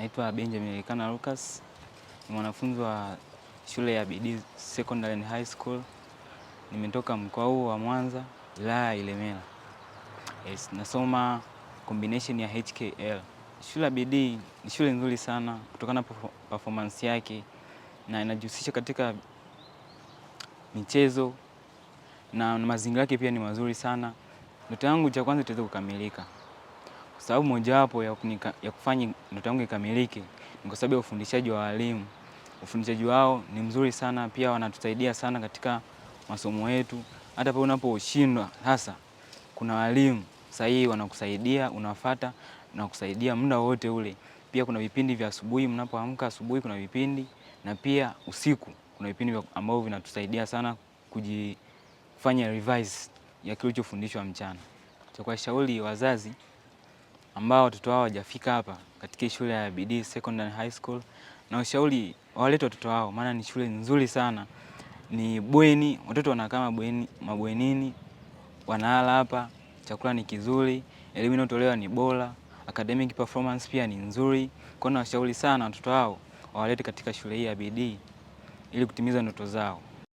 Naitwa Benjamin Kana Lucas, ni mwanafunzi wa shule ya Bidii Secondary and High School. Nimetoka mkoa huu wa Mwanza, wilaya ya Ilemela. Yes, nasoma combination ya HKL. Shule ya Bidii ni shule nzuri sana kutokana na performance yake na inajihusisha katika michezo na mazingira yake pia ni mazuri sana. Ndoto yangu cha kwanza itaweza kukamilika sababu mojawapo ya, ya kufanya ndoto yangu ikamilike ni kwa sababu ya ufundishaji wa walimu. Ufundishaji wao ni mzuri sana, pia wanatusaidia sana katika masomo yetu. Hata pale unaposhindwa hasa, kuna walimu sahihi wanakusaidia, unafata na kusaidia muda wote ule. Pia kuna vipindi vya asubuhi, mnapoamka asubuhi kuna vipindi na pia usiku kuna vipindi ambavyo vinatusaidia sana kujifanya revise ya kilichofundishwa mchana. Cha kuwashauri wazazi ambao watoto wao hawajafika hapa katika shule ya Bidii Secondary High School, na ushauri wawalete watoto wao, maana ni shule nzuri sana, ni bweni, watoto wanakaa mabweni, mabwenini wanaala hapa, chakula ni kizuri, elimu inayotolewa ni bora, academic performance pia ni nzuri. Kwa hiyo nawashauri sana watoto wao wawalete katika shule hii ya Bidii ili kutimiza ndoto zao.